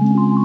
you